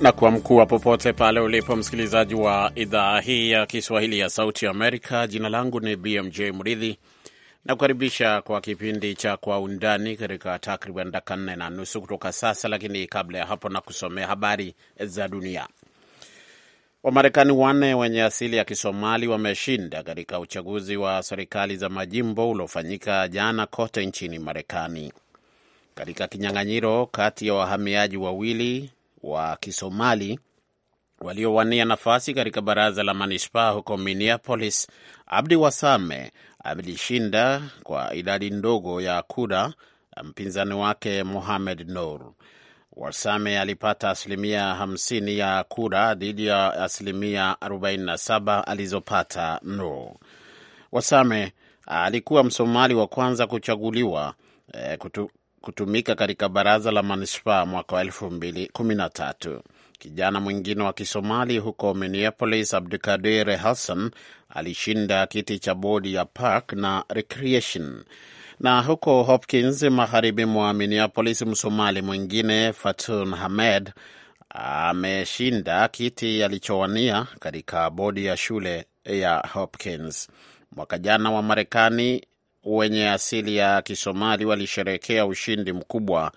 na kwa mkuu popote pale ulipo msikilizaji wa idhaa hii ya Kiswahili ya Sauti Amerika. Jina langu ni BMJ Mridhi na kukaribisha kwa kipindi cha Kwa Undani katika takriban dakika nne na nusu kutoka sasa, lakini kabla ya hapo na kusomea habari za dunia. Wamarekani wanne wenye asili ya Kisomali wameshinda katika uchaguzi wa serikali za majimbo uliofanyika jana kote nchini Marekani katika kinyang'anyiro kati ya wahamiaji wawili wa Kisomali waliowania nafasi katika baraza la manispaa huko Minneapolis, Abdi Wasame alishinda kwa idadi ndogo ya kura mpinzani wake Mohamed Nur. Wasame alipata asilimia 50 ya kura dhidi ya asilimia 47 alizopata Nur. Wasame alikuwa Msomali wa kwanza kuchaguliwa eh, kutu, kutumika katika baraza la manispaa mwaka wa tatu. Kijana mwingine wa Kisomali huko Minneapolis, Abdukadir Hassan alishinda kiti cha bodi ya park na recreation. Na huko Hopkins, magharibi mwa Minneapolis, Msomali mwingine Fatun Hamed ameshinda kiti alichowania katika bodi ya shule ya Hopkins. Mwaka jana wa Marekani wenye asili ya Kisomali walisherehekea ushindi mkubwa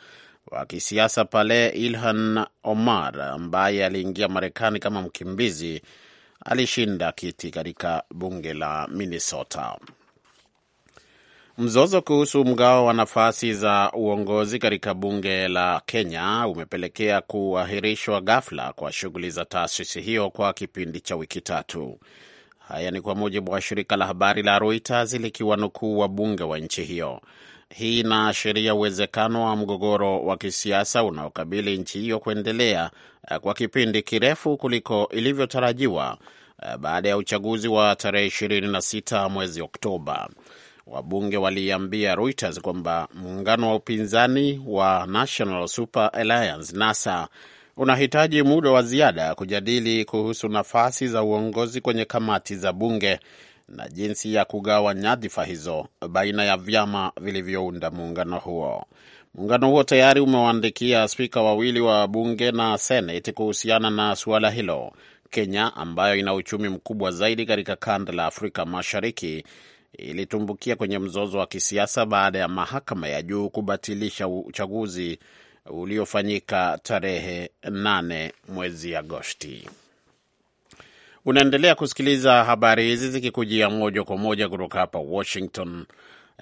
wa kisiasa pale Ilhan Omar ambaye aliingia Marekani kama mkimbizi alishinda kiti katika bunge la Minnesota. Mzozo kuhusu mgao wa nafasi za uongozi katika bunge la Kenya umepelekea kuahirishwa ghafla kwa shughuli za taasisi hiyo kwa kipindi cha wiki tatu. Haya ni kwa mujibu wa shirika la habari la Reuters likiwanukuu wabunge wa nchi hiyo. Hii inaashiria uwezekano wa mgogoro wa kisiasa unaokabili nchi hiyo kuendelea eh, kwa kipindi kirefu kuliko ilivyotarajiwa eh, baada ya uchaguzi wa tarehe 26 mwezi Oktoba. Wabunge waliambia Reuters kwamba muungano wa upinzani wa National Super Alliance NASA unahitaji muda wa ziada kujadili kuhusu nafasi za uongozi kwenye kamati za bunge na jinsi ya kugawa nyadhifa hizo baina ya vyama vilivyounda muungano huo. Muungano huo tayari umewaandikia spika wawili wa bunge na seneti kuhusiana na suala hilo. Kenya ambayo ina uchumi mkubwa zaidi katika kanda la Afrika Mashariki ilitumbukia kwenye mzozo wa kisiasa baada ya mahakama ya juu kubatilisha uchaguzi uliofanyika tarehe 8 mwezi Agosti. Unaendelea kusikiliza habari hizi zikikujia moja kwa moja kutoka hapa Washington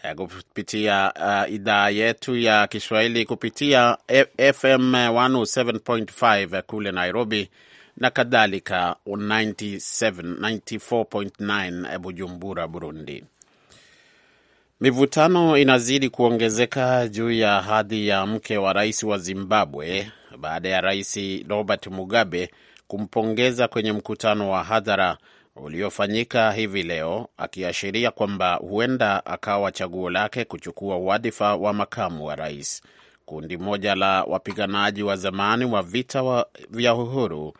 eh, kupitia uh, idhaa yetu ya Kiswahili kupitia eh, FM 107.5 kule Nairobi na kadhalika 94.9 Bujumbura, Burundi. Mivutano inazidi kuongezeka juu ya hadhi ya mke wa rais wa Zimbabwe baada ya rais Robert Mugabe kumpongeza kwenye mkutano wa hadhara uliofanyika hivi leo, akiashiria kwamba huenda akawa chaguo lake kuchukua wadhifa wa makamu wa rais. Kundi moja la wapiganaji wa zamani wa vita wa vya uhuru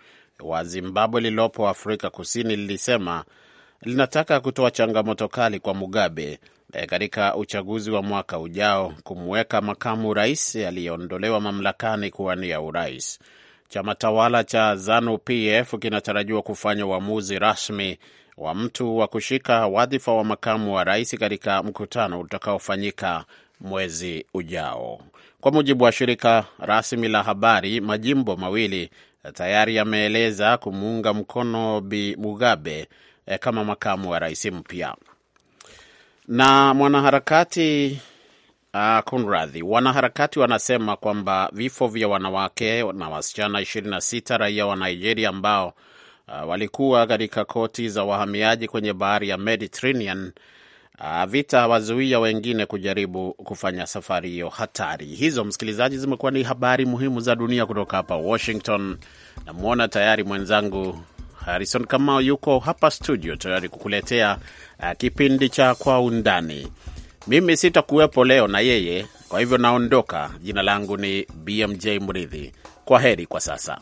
wa Zimbabwe lililopo Afrika Kusini lilisema linataka kutoa changamoto kali kwa Mugabe E, katika uchaguzi wa mwaka ujao kumweka makamu rais aliyeondolewa mamlakani kuwania urais. Chama tawala cha ZANU PF kinatarajiwa kufanya uamuzi rasmi wa mtu wa kushika wadhifa wa makamu wa rais katika mkutano utakaofanyika mwezi ujao. Kwa mujibu wa shirika rasmi la habari, majimbo mawili e, tayari yameeleza kumuunga mkono Bi Mugabe e, kama makamu wa rais mpya. Na mwanaharakati uh, kunradhi, wanaharakati wanasema kwamba vifo vya wanawake na wasichana 26 raia wa Nigeria ambao uh, walikuwa katika koti za wahamiaji kwenye bahari ya Mediterranean Uh, vita hawazuia wengine kujaribu kufanya safari hiyo hatari. Hizo msikilizaji, zimekuwa ni habari muhimu za dunia kutoka hapa Washington. Namwona tayari mwenzangu Harrison Kamau yuko hapa studio tayari kukuletea uh, kipindi cha Kwa Undani. Mimi sitakuwepo leo na yeye, kwa hivyo naondoka. Jina langu ni BMJ Mridhi. Kwa heri kwa sasa.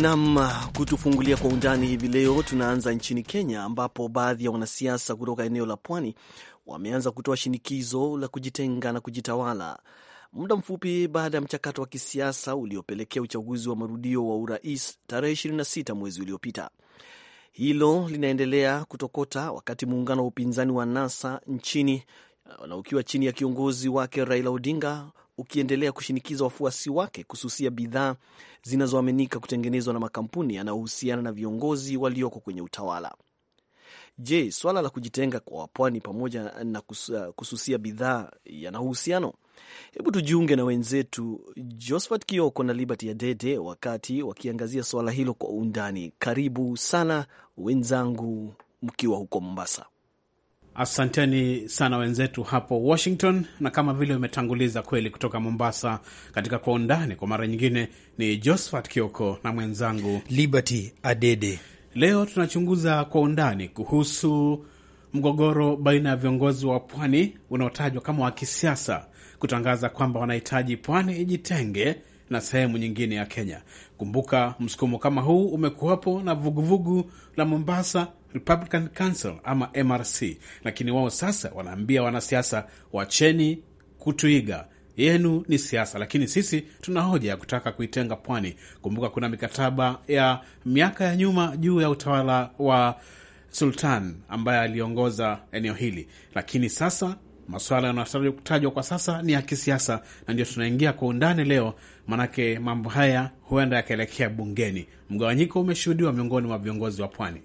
Nam kutufungulia kwa undani hivi leo, tunaanza nchini Kenya ambapo baadhi ya wanasiasa kutoka eneo la pwani wameanza kutoa shinikizo la kujitenga na kujitawala muda mfupi baada ya mchakato wa kisiasa uliopelekea uchaguzi wa marudio wa urais tarehe 26 mwezi uliopita. Hilo linaendelea kutokota wakati muungano wa upinzani wa NASA nchini na ukiwa chini ya kiongozi wake Raila Odinga ukiendelea kushinikiza wafuasi wake kususia bidhaa zinazoaminika kutengenezwa na makampuni yanayohusiana na viongozi walioko kwenye utawala. Je, swala la kujitenga kwa wapwani pamoja na uh, kususia bidhaa yana uhusiano? Hebu tujiunge na wenzetu Josphat Kioko na Liberty Adede wakati wakiangazia swala hilo kwa undani. Karibu sana wenzangu, mkiwa huko Mombasa. Asanteni sana wenzetu hapo Washington, na kama vile umetanguliza kweli, kutoka Mombasa katika kwa undani kwa mara nyingine, ni Josephat Kioko na mwenzangu Liberty Adede. Leo tunachunguza kwa undani kuhusu mgogoro baina ya viongozi wa pwani unaotajwa kama wa kisiasa kutangaza kwamba wanahitaji pwani ijitenge na sehemu nyingine ya Kenya. Kumbuka msukumo kama huu umekuwapo na vuguvugu la Mombasa Republican Council ama MRC, lakini wao sasa wanaambia wanasiasa, wacheni kutuiga yenu ni siasa, lakini sisi tuna hoja ya kutaka kuitenga pwani. Kumbuka kuna mikataba ya miaka ya nyuma juu ya utawala wa Sultan ambaye aliongoza eneo hili, lakini sasa masuala yanayotajwa kutajwa kwa sasa ni ya kisiasa, na ndio tunaingia kwa undani leo, maanake mambo haya huenda yakaelekea bungeni. Mgawanyiko umeshuhudiwa miongoni mwa viongozi wa pwani.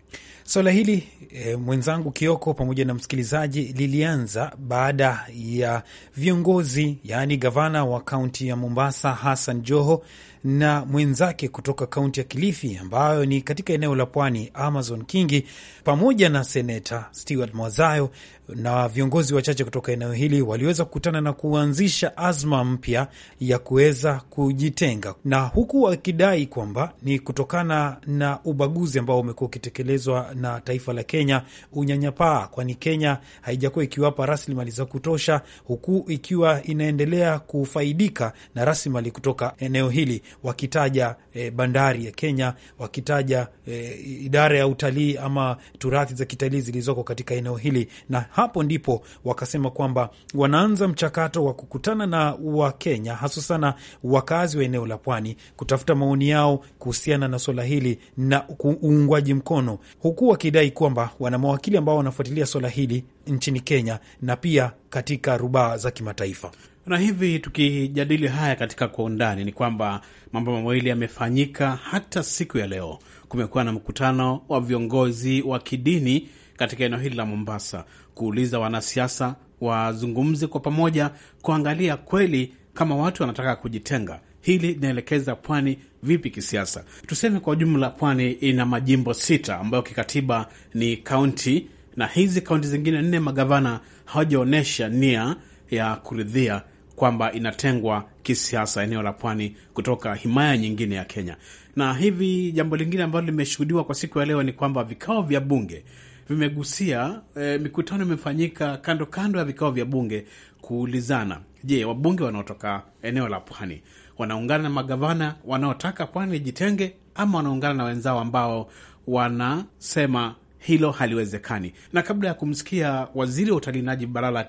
Swala hili e, mwenzangu Kioko pamoja na msikilizaji, lilianza baada ya viongozi yaani gavana wa kaunti ya Mombasa Hassan Joho na mwenzake kutoka kaunti ya Kilifi ambayo ni katika eneo la pwani, Amazon Kingi, pamoja na seneta Stewart Mwazayo na viongozi wachache kutoka eneo hili waliweza kukutana na kuanzisha azma mpya ya kuweza kujitenga, na huku wakidai kwamba ni kutokana na ubaguzi ambao umekuwa ukitekelezwa na taifa la Kenya, unyanyapaa, kwani Kenya haijakuwa ikiwapa rasilimali za kutosha, huku ikiwa inaendelea kufaidika na rasilimali kutoka eneo hili wakitaja e, bandari ya Kenya, wakitaja e, idara ya utalii ama turathi za kitalii zilizoko katika eneo hili, na hapo ndipo wakasema kwamba wanaanza mchakato wa kukutana na Wakenya hasa sana wakazi wa eneo la pwani kutafuta maoni yao kuhusiana na swala hili na uungwaji mkono, huku wakidai kwamba wana mawakili ambao wanafuatilia swala hili nchini Kenya na pia katika rubaa za kimataifa. Na hivi tukijadili haya katika kwa undani, ni kwamba mambo mawili yamefanyika. Hata siku ya leo kumekuwa na mkutano wa viongozi wa kidini katika eneo hili la Mombasa, kuuliza wanasiasa wazungumze kwa pamoja, kuangalia kweli kama watu wanataka kujitenga hili linaelekeza pwani vipi kisiasa. Tuseme kwa ujumla, pwani ina majimbo sita ambayo kikatiba ni kaunti na hizi kaunti zingine nne magavana hawajaonyesha nia ya kuridhia kwamba inatengwa kisiasa eneo la pwani kutoka himaya nyingine ya Kenya. Na hivi jambo lingine ambalo limeshuhudiwa kwa siku ya leo ni kwamba vikao vya bunge vimegusia e, mikutano imefanyika kando kando ya vikao vya bunge kuulizana, je, wabunge wanaotoka eneo la pwani wanaungana na magavana wanaotaka pwani ijitenge ama wanaungana na wenzao ambao wanasema hilo haliwezekani. Na kabla ya kumsikia waziri wa utalii Najib Balala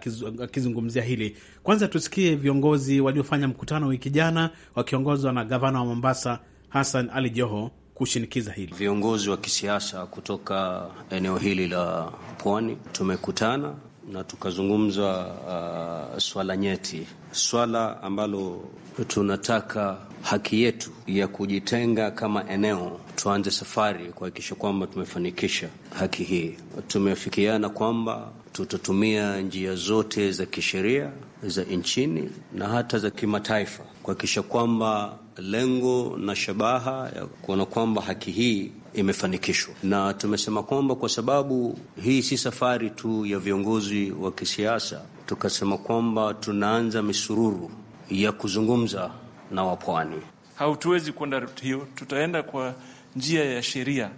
akizungumzia hili, kwanza tusikie viongozi waliofanya mkutano wiki jana wakiongozwa na gavana wa Mombasa Hassan Ali Joho kushinikiza hili. Viongozi wa kisiasa kutoka eneo hili la pwani tumekutana na tukazungumza uh, swala nyeti, swala ambalo tunataka haki yetu ya kujitenga kama eneo, tuanze safari kuhakikisha kwamba tumefanikisha haki hii. Tumefikiana kwamba tutatumia njia zote za kisheria za nchini na hata za kimataifa kuhakikisha kwamba lengo na shabaha ya kuona kwamba haki hii imefanikishwa. Na tumesema kwamba kwa sababu hii si safari tu ya viongozi wa kisiasa, tukasema kwamba tunaanza misururu ya kuzungumza na wa pwani. Hatuwezi kwenda hiyo, tutaenda kwa njia ya sheria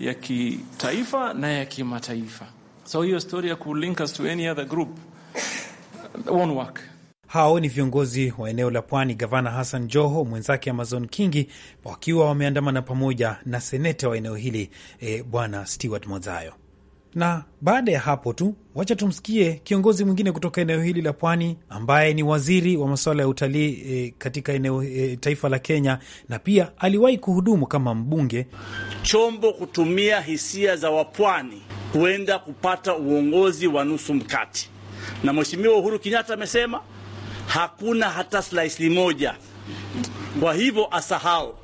ya kitaifa na ya kimataifa. So hiyo stori ya kulink us to any other group won't work. Hao ni viongozi wa eneo la pwani, gavana Hassan Joho, mwenzake Amazon Kingi, wakiwa wameandamana pamoja na seneta wa eneo hili e, bwana Stewart Mozayo. Na baada ya hapo tu, wacha tumsikie kiongozi mwingine kutoka eneo hili la pwani ambaye ni waziri wa masuala ya utalii e, katika eneo e, taifa la Kenya, na pia aliwahi kuhudumu kama mbunge. Chombo kutumia hisia za wapwani kuenda kupata uongozi wa nusu mkati, na Mheshimiwa Uhuru Kenyatta amesema hakuna hata slice moja, kwa hivyo asahau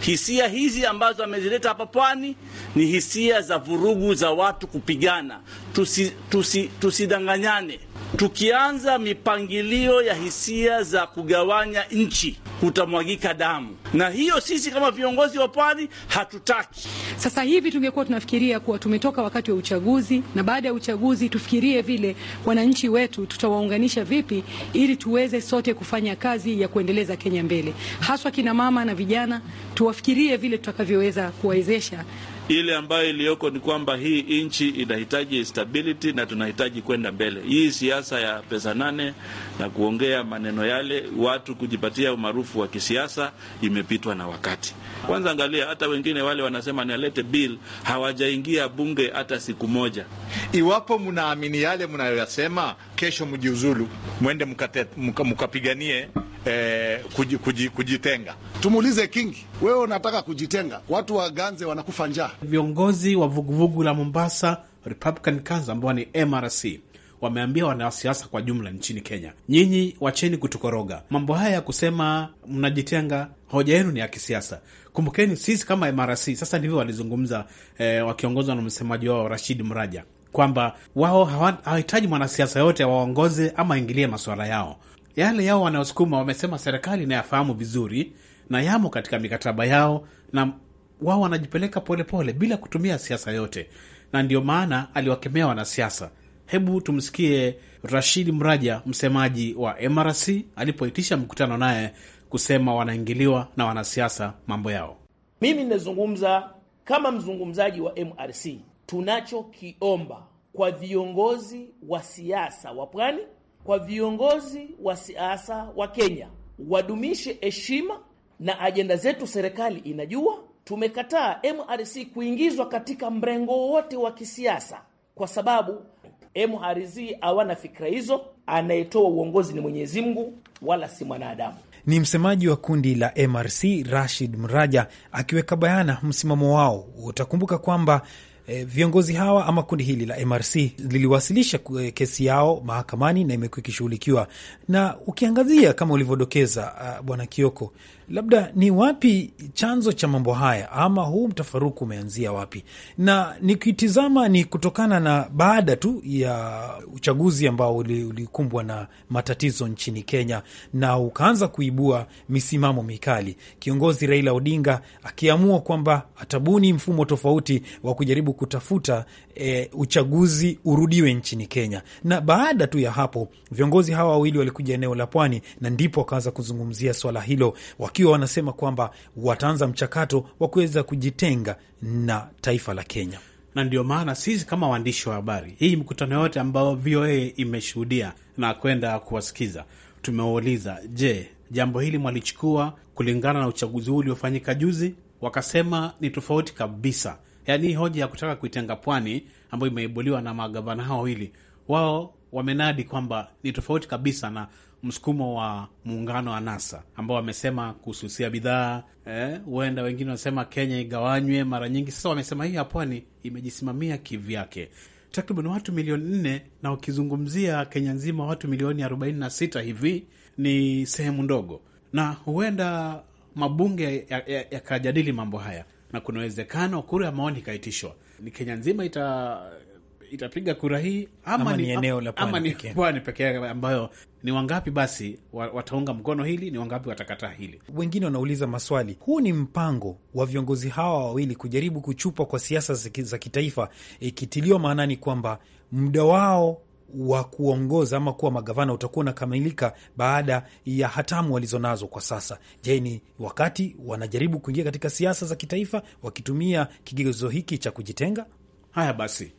Hisia hizi ambazo amezileta hapa pwani ni hisia za vurugu za watu kupigana. Tusi, tusi, tusidanganyane. Tukianza mipangilio ya hisia za kugawanya nchi kutamwagika damu, na hiyo sisi kama viongozi wa pwani hatutaki. Sasa hivi tungekuwa tunafikiria kuwa tumetoka wakati wa uchaguzi, na baada ya uchaguzi tufikirie vile wananchi wetu tutawaunganisha vipi, ili tuweze sote kufanya kazi ya kuendeleza Kenya mbele, haswa kina mama na vijana. Tuwafikirie vile tutakavyoweza kuwawezesha ile ambayo iliyoko ni kwamba hii nchi inahitaji stability na tunahitaji kwenda mbele. Hii siasa ya pesa nane na kuongea maneno yale, watu kujipatia umaarufu wa kisiasa, imepitwa na wakati. Kwanza angalia, hata wengine wale wanasema nialete bill hawajaingia bunge hata siku moja. Iwapo mnaamini yale mnayoyasema, kesho mjiuzulu, mwende mkapiganie eh, kujitenga. Tumuulize Kingi, wewe unataka kujitenga, watu wa Ganze wanakufa njaa. Viongozi wa vuguvugu la Mombasa Republican Kanza ambao ni MRC wameambia wanasiasa kwa jumla nchini Kenya, nyinyi wacheni kutukoroga. Mambo haya ya kusema mnajitenga, hoja yenu ni ya kisiasa. Kumbukeni sisi kama MRC. Sasa ndivyo walizungumza eh, wakiongozwa na msemaji wao Rashid Mraja kwamba wao hawahitaji mwanasiasa yote awaongoze ama aingilie masuala yao yale yao wanaosukuma wamesema serikali inayafahamu vizuri na yamo katika mikataba yao, na wao wanajipeleka polepole bila kutumia siasa yote, na ndio maana aliwakemea wanasiasa. Hebu tumsikie Rashid Mraja, msemaji wa MRC, alipoitisha mkutano naye kusema wanaingiliwa na wanasiasa mambo yao. Mimi ninazungumza kama mzungumzaji wa MRC. Tunachokiomba kwa viongozi wa siasa wa pwani kwa viongozi wa siasa wa Kenya wadumishe heshima na ajenda zetu. Serikali inajua tumekataa MRC kuingizwa katika mrengo wote wa kisiasa, kwa sababu MRC hawana fikra hizo. Anayetoa uongozi ni Mwenyezi Mungu, wala si mwanadamu. Ni msemaji wa kundi la MRC Rashid Mraja akiweka bayana msimamo wao. Utakumbuka kwamba E, viongozi hawa ama kundi hili la MRC liliwasilisha eh, kesi yao mahakamani na imekuwa ikishughulikiwa, na ukiangazia kama ulivyodokeza uh, Bwana Kioko labda ni wapi chanzo cha mambo haya ama huu mtafaruku umeanzia wapi? Na nikitizama ni kutokana na baada tu ya uchaguzi ambao ulikumbwa na matatizo nchini Kenya na ukaanza kuibua misimamo mikali, kiongozi Raila Odinga akiamua kwamba atabuni mfumo tofauti wa kujaribu kutafuta e, uchaguzi urudiwe nchini Kenya. Na baada tu ya hapo viongozi hawa wawili walikuja eneo la pwani na ndipo wakaanza kuzungumzia swala hilo, wakiwa wanasema kwamba wataanza mchakato wa kuweza kujitenga na taifa la Kenya na ndio maana sisi kama waandishi wa habari, hii mkutano yote ambayo VOA imeshuhudia na kwenda kuwasikiza, tumewauliza je, jambo hili mwalichukua kulingana na uchaguzi huu uliofanyika juzi? Wakasema ni tofauti kabisa. Yaani hii hoja ya kutaka kuitenga pwani ambayo imeibuliwa na magavana hao wawili, wao wamenadi kwamba ni tofauti kabisa na msukumo wa muungano wa NASA ambao wamesema kuhususia bidhaa eh, huenda eh, wengine wanasema Kenya igawanywe mara nyingi. Sasa wamesema hii ya pwani imejisimamia kivyake takriban watu milioni nne na ukizungumzia Kenya nzima watu milioni 46 hivi ni sehemu ndogo, na huenda mabunge yakajadili ya, ya mambo haya na kuna uwezekano kura ya maoni ikaitishwa, ni Kenya nzima ita itapiga kura hii ama, ama ni eneo la pwani peke ambayo ni wangapi basi wataunga mkono hili, ni wangapi watakataa hili. Wengine wanauliza maswali, huu ni mpango wa viongozi hawa wawili kujaribu kuchupa kwa siasa za kitaifa, ikitiliwa eh, e, maanani kwamba muda wao wa kuongoza ama kuwa magavana utakuwa unakamilika baada ya hatamu walizonazo kwa sasa. Je, ni wakati wanajaribu kuingia katika siasa za kitaifa wakitumia kigezo hiki cha kujitenga? Haya basi,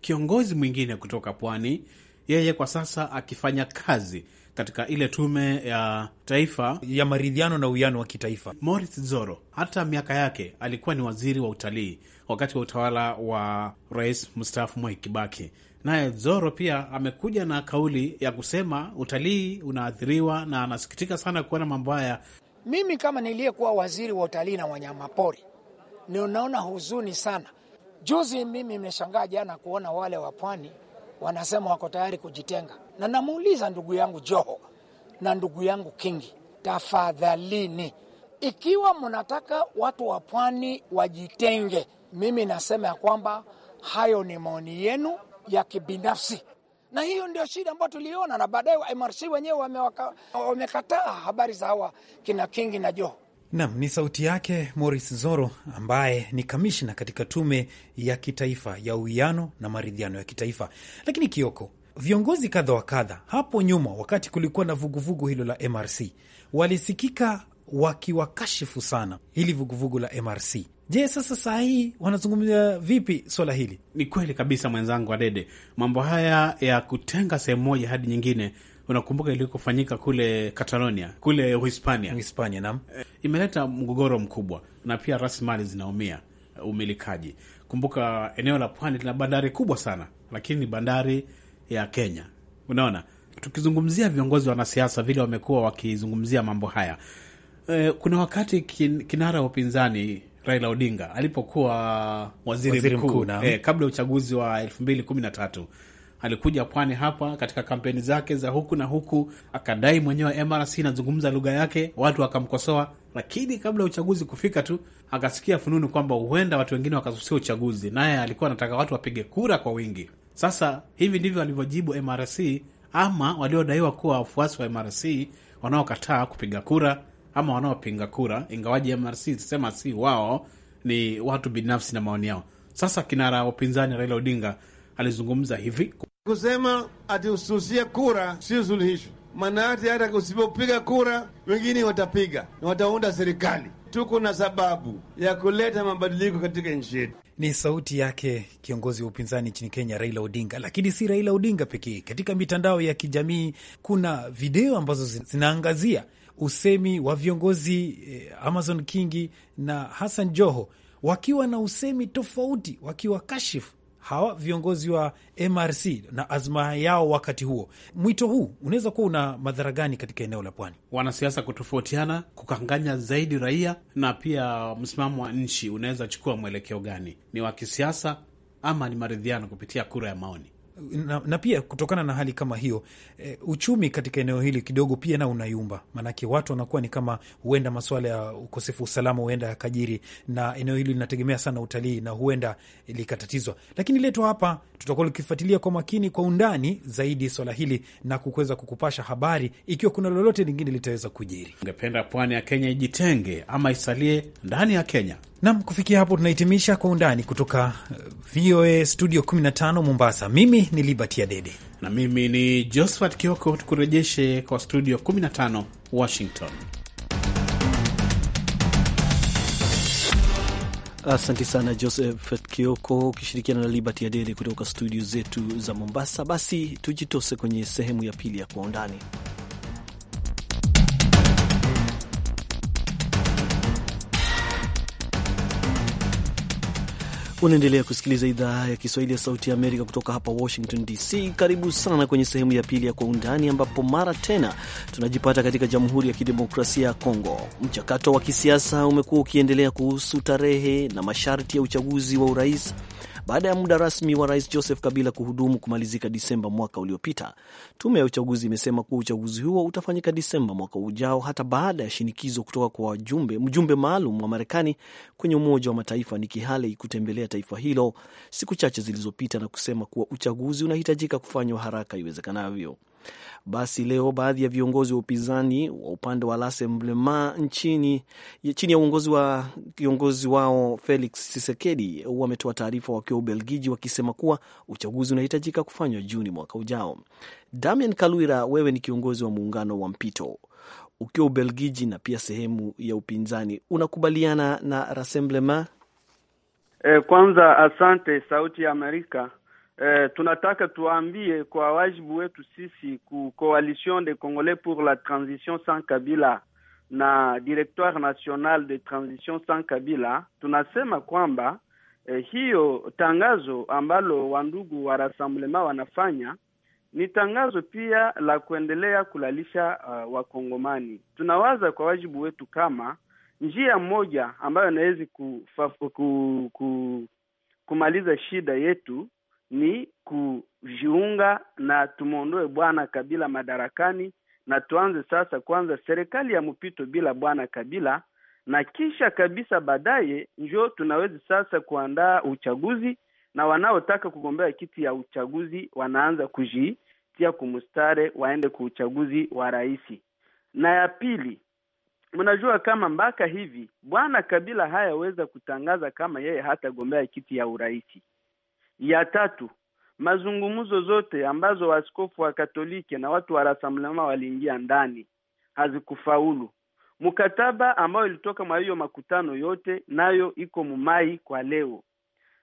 kiongozi mwingine kutoka pwani, yeye kwa sasa akifanya kazi katika ile tume ya taifa ya maridhiano na uwiano wa kitaifa, moris zoro hata miaka yake alikuwa ni waziri wa utalii wakati wa utawala wa rais mstaafu Mwai Kibaki. Naye Zoro pia amekuja na kauli ya kusema utalii unaathiriwa na anasikitika sana kuona mambo haya. Mimi kama niliyekuwa waziri wa utalii na wanyamapori ninaona huzuni sana. Juzi mimi nimeshangaa jana kuona wale wa pwani wanasema wako tayari kujitenga, na namuuliza ndugu yangu Joho na ndugu yangu Kingi, tafadhalini, ikiwa mnataka watu wa pwani wajitenge, mimi nasema ya kwamba hayo ni maoni yenu ya kibinafsi, na hiyo ndio shida ambayo tuliona, na baadaye MRC wenyewe wamekataa habari za hawa kina Kingi na Joho. Nam ni sauti yake moris Zoro, ambaye ni kamishna katika tume ya kitaifa ya uwiano na maridhiano ya kitaifa. Lakini Kioko, viongozi kadha wa kadha hapo nyuma, wakati kulikuwa na vuguvugu hilo la MRC, walisikika wakiwakashifu sana hili vuguvugu la MRC. Je, sasa saa hii wanazungumzia vipi swala hili? Ni kweli kabisa mwenzangu Adede, mambo haya ya kutenga sehemu moja hadi nyingine Unakumbuka ilikofanyika kule Catalonia kule Uhispania, Uhispania nam eh, imeleta mgogoro mkubwa, na pia rasilimali zinaumia, uh, umilikaji. Kumbuka eneo la pwani lina bandari kubwa sana, lakini ni bandari ya Kenya. Unaona, tukizungumzia viongozi wanasiasa vile wamekuwa wakizungumzia mambo haya e, kuna wakati kin, kinara wa upinzani Raila Odinga alipokuwa waziri, waziri mkuu, mkuu eh, kabla ya uchaguzi wa elfu mbili kumi na tatu alikuja pwani hapa katika kampeni zake za huku na huku, akadai mwenyewe MRC inazungumza lugha yake, watu wakamkosoa. Lakini kabla ya uchaguzi kufika tu akasikia fununu kwamba huenda watu wengine wakasusia uchaguzi, naye alikuwa anataka watu wapige kura kwa wingi. Sasa hivi ndivyo walivyojibu MRC ama waliodaiwa kuwa wafuasi wa MRC wanaokataa kupiga kura ama wanaopiga kura, ingawaji MRC sema si wao, ni watu binafsi na maoni yao. Sasa kinara upinzani Raila Odinga alizungumza hivi kusema ati ususie kura sio suluhisho, yake hata usipopiga kura wengine watapiga na wataunda serikali. Tuko na sababu ya kuleta mabadiliko katika nchi yetu. Ni sauti yake kiongozi wa upinzani nchini Kenya, Raila Odinga. Lakini si Raila Odinga pekee, katika mitandao ya kijamii kuna video ambazo zinaangazia usemi wa viongozi eh, Amazon Kingi na Hassan Joho wakiwa na usemi tofauti, wakiwa kashif hawa viongozi wa MRC na azma yao wakati huo. Mwito huu unaweza kuwa una madhara gani katika eneo la pwani? Wanasiasa kutofautiana, kukanganya zaidi raia, na pia msimamo wa nchi unaweza chukua mwelekeo gani? Ni wa kisiasa ama ni maridhiano kupitia kura ya maoni? na, na pia kutokana na hali kama hiyo e, uchumi katika eneo hili kidogo pia na unayumba, maanake watu wanakuwa ni kama huenda masuala ya ukosefu usalama huenda yakajiri, na eneo hili linategemea sana utalii na huenda likatatizwa. Lakini letu hapa tutakuwa likifuatilia kwa makini, kwa undani zaidi swala hili na kuweza kukupasha habari ikiwa kuna lolote lingine litaweza kujiri. Ungependa pwani ya Kenya ijitenge ama isalie ndani ya Kenya? Nam, kufikia hapo tunahitimisha Kwa Undani kutoka uh, VOA studio 15 Mombasa. Mimi ni Liberty Adede na mimi ni Josphat Kioko. Tukurejeshe kwa studio 15 Washington. Asante sana Joseph Kioko ukishirikiana na Liberty Adede kutoka studio zetu za Mombasa. Basi tujitose kwenye sehemu ya pili ya Kwa Undani. Unaendelea kusikiliza idhaa ya Kiswahili ya Sauti ya Amerika kutoka hapa Washington DC. Karibu sana kwenye sehemu ya pili ya Kwa Undani, ambapo mara tena tunajipata katika Jamhuri ya Kidemokrasia ya Kongo. Mchakato wa kisiasa umekuwa ukiendelea kuhusu tarehe na masharti ya uchaguzi wa urais baada ya muda rasmi wa rais Joseph Kabila kuhudumu kumalizika Disemba mwaka uliopita. Tume ya uchaguzi imesema kuwa uchaguzi huo utafanyika Disemba mwaka ujao, hata baada ya shinikizo kutoka kwa wajumbe, mjumbe maalum wa Marekani kwenye Umoja wa Mataifa Nikki Haley kutembelea taifa hilo siku chache zilizopita na kusema kuwa uchaguzi unahitajika kufanywa haraka iwezekanavyo. Basi leo baadhi ya viongozi wa upinzani wa upande wa Rassemblement nchini chini ya uongozi wa kiongozi wao Felix Tshisekedi wametoa taarifa wakiwa Ubelgiji wakisema kuwa uchaguzi unahitajika kufanywa Juni mwaka ujao. Damian Kalwira, wewe ni kiongozi wa muungano wa mpito ukiwa Ubelgiji na pia sehemu ya upinzani, unakubaliana na Rassemblement? E, eh, kwanza asante Sauti ya Amerika eh, tunataka tuambie kwa wajibu wetu sisi ku Coalition de Congolais pour la transition sans Kabila na Directoire National de Transition sans Kabila, tunasema kwamba eh, hiyo tangazo ambalo wandugu wa Rassemblement wanafanya ni tangazo pia la kuendelea kulalisha uh, Wakongomani. Tunawaza kwa wajibu wetu kama njia moja ambayo inawezi ku, ku, kumaliza shida yetu ni kujiunga na tumwondoe bwana Kabila madarakani na tuanze sasa kwanza serikali ya mpito bila bwana Kabila, na kisha kabisa baadaye njo tunaweza sasa kuandaa uchaguzi, na wanaotaka kugombea kiti ya uchaguzi wanaanza kujitia kumustare, waende kwa uchaguzi wa rais. Na ya pili, mnajua kama mpaka hivi bwana Kabila hayaweza kutangaza kama yeye hatagombea kiti ya urais ya tatu, mazungumzo zote ambazo waskofu wa Katoliki na watu wa Rassemblement waliingia ndani hazikufaulu. Mkataba ambayo ilitoka mwa hiyo makutano yote nayo iko mumai kwa leo.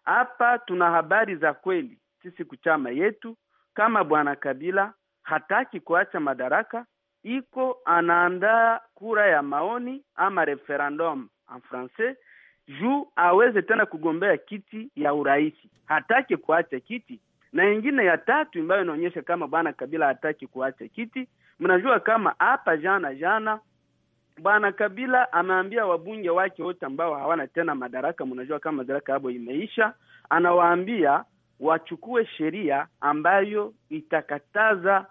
Hapa tuna habari za kweli sisi kuchama yetu, kama bwana Kabila hataki kuacha madaraka, iko anaandaa kura ya maoni ama referendum en francais juu aweze tena kugombea kiti ya urais, hataki kuacha kiti. Na ingine ya tatu ambayo inaonyesha kama bwana Kabila hataki kuacha kiti, mnajua kama hapa jana jana bwana Kabila ameambia wabunge wake wote ambao hawana tena madaraka, mnajua kama madaraka yabo imeisha, anawaambia wachukue sheria ambayo itakataza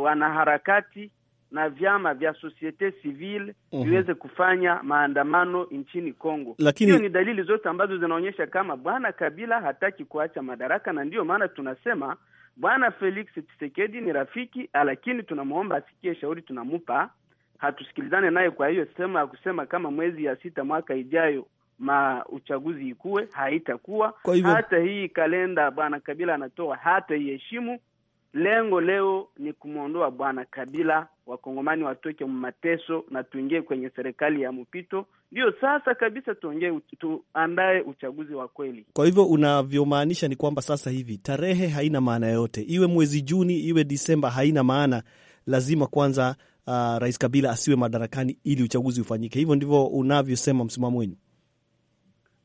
wanaharakati na vyama vya societe civile mhm. viweze kufanya maandamano nchini Kongo. Lakini hiyo ni dalili zote ambazo zinaonyesha kama bwana Kabila hataki kuacha madaraka, na ndiyo maana tunasema bwana Felix Tshisekedi ni rafiki, lakini tunamwomba asikie shauri tunamupa, hatusikilizane naye. Kwa hiyo sema ya kusema kama mwezi ya sita mwaka ijayo ma uchaguzi ikuwe haitakuwa. hata hii kalenda bwana Kabila anatoa hata iheshimu Lengo leo ni kumwondoa bwana Kabila, wakongomani watoke mateso na tuingie kwenye serikali ya mpito, ndio sasa kabisa tuongee, tuandae uchaguzi wa kweli. Kwa hivyo unavyomaanisha ni kwamba sasa hivi tarehe haina maana yoyote iwe mwezi Juni iwe Disemba, haina maana. Lazima kwanza, uh, Rais Kabila asiwe madarakani ili uchaguzi ufanyike. Hivyo ndivyo unavyosema msimamo wenu?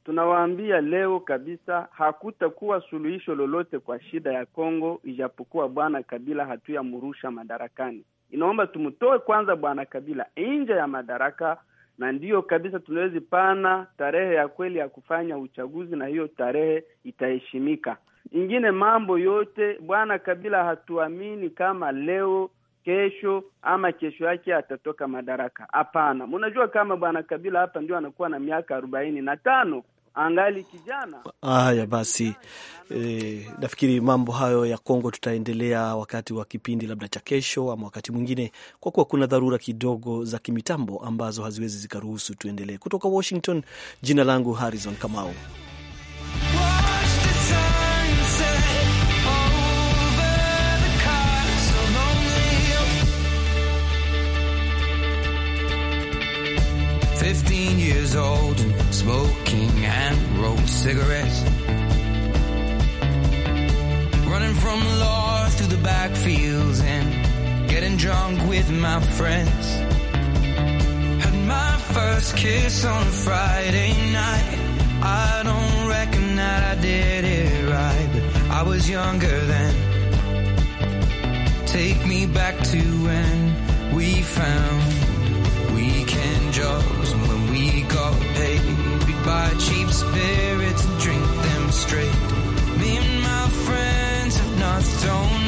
tunawaambia leo kabisa hakutakuwa suluhisho lolote kwa shida ya Kongo, ijapokuwa bwana Kabila hatuyamurusha madarakani. Inaomba tumtoe kwanza bwana Kabila nje ya madaraka, na ndiyo kabisa tunawezi pana tarehe ya kweli ya kufanya uchaguzi, na hiyo tarehe itaheshimika. Ingine mambo yote bwana Kabila hatuamini kama leo kesho ama kesho yake atatoka madaraka. Hapana, mnajua kama bwana Kabila hapa ndio anakuwa na miaka arobaini na tano angali kijana. Haya basi, e, nafikiri mambo hayo ya Kongo tutaendelea wakati wa kipindi labda cha kesho ama wakati mwingine, kwa kuwa kuna dharura kidogo za kimitambo ambazo haziwezi zikaruhusu tuendelee. Kutoka Washington, jina langu Harrison Kamau. 15 years old, and smoking and rolled cigarettes. Running from the law through the backfields and getting drunk with my friends. Had my first kiss on a Friday night. I don't reckon that I did it right, but I was younger then. Take me back to when we found weekend jobs cheap spirits and drink them straight. Me and my friends have not thrown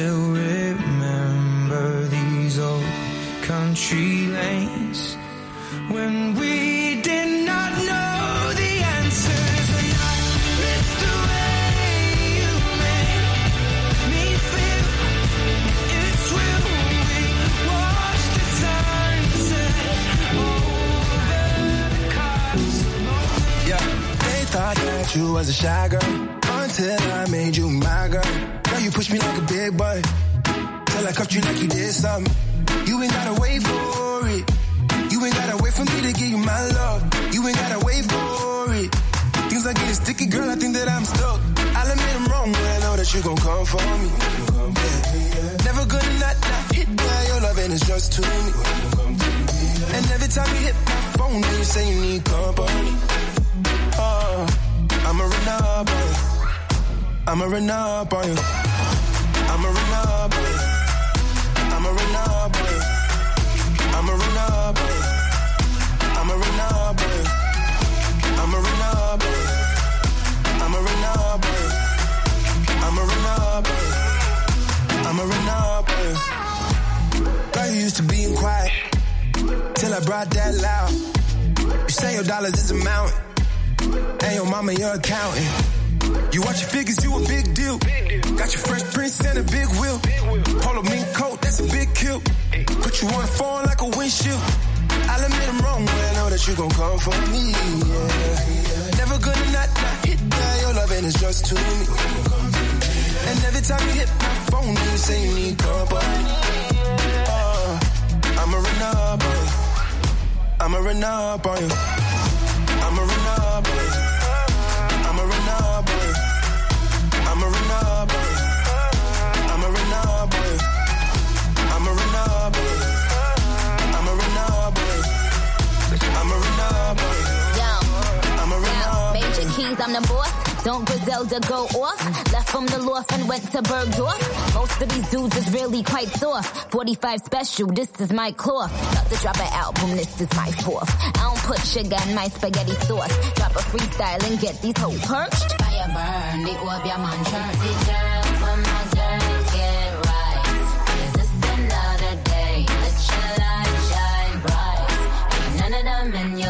still remember these old country lanes when we did not know the answers I miss the way you made me feel. It's we watched the sunset over the cars. Yeah, they thought that you was a shy girl until I made you my girl you push me like a big boy. Till I cuffed you like you did something. You ain't gotta wait for it. You ain't gotta wait for me to give you my love. You ain't gotta wait for it. Things are getting sticky, girl. I think that I'm stuck. I'll admit I'm wrong, but I know that you gon' come for me. Never gonna not, not hit by your love, and it's just too me. And every time you hit my phone, then you say you need company. Oh, uh, I'm a runner, boy. I'm a runner, boy. I'm a Renabli. I'm a Renabli. I'm a Renabli. I'm a Renabli. I'm a Renabli. I'm a Renabli. I'm a Renabli. I'm a Renabli. Girl, you used to being quiet till I brought that loud. You say your dollars is a mountain, and your mama your accountant. You watch your figures, you a big deal. Got your fresh prints and a big wheel. Polo mink coat, that's a big kill. Put you on the phone like a windshield. I'll admit I'm wrong, but I know that you gon' come for me. Yeah. Never gonna not, not hit that. Your loving is just too me. And every time you hit my phone, you say you need company. Uh, I'm a run up on you. I'm a run up on you. To go off. Left from the loft and went to Bergdorf. Most of these dudes is really quite soft. 45 special, this is my cloth. About to drop an album, this is my fourth. I don't put sugar in my spaghetti sauce. Drop a freestyle and get these hoes perched. Fire burn, it will be a man church. And you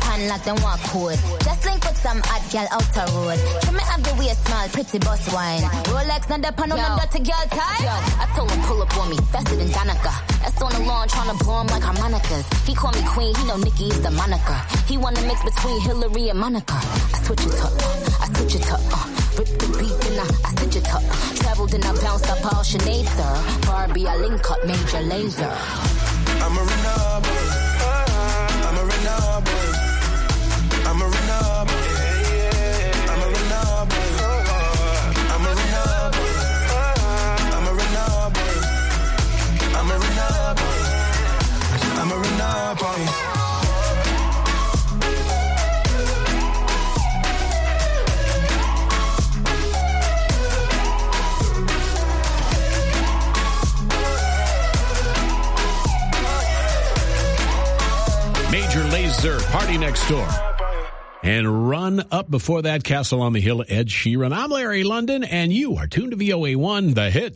pan like them walk cool. Just link with some hot girl out the road. Trim me have the waist smile, pretty boss wine. Rolex, not the pan on the dirty girl time. Yo, I told him pull up on me, faster than Danica. That's on the lawn, trying to blow him like harmonicas. He call me queen, he know Nicki is the moniker. He wanna mix between Hillary and Monica. I switch it up, uh, I switch it up, uh, rip the beat and I, I switch it up. Traveled and I bounced up all Sinead, sir. Barbie, I link up major laser. I'm a runner. Party Next Door. And run up before that Castle on the Hill, Ed Sheeran. I'm Larry London, and you are tuned to VOA1, the Hits.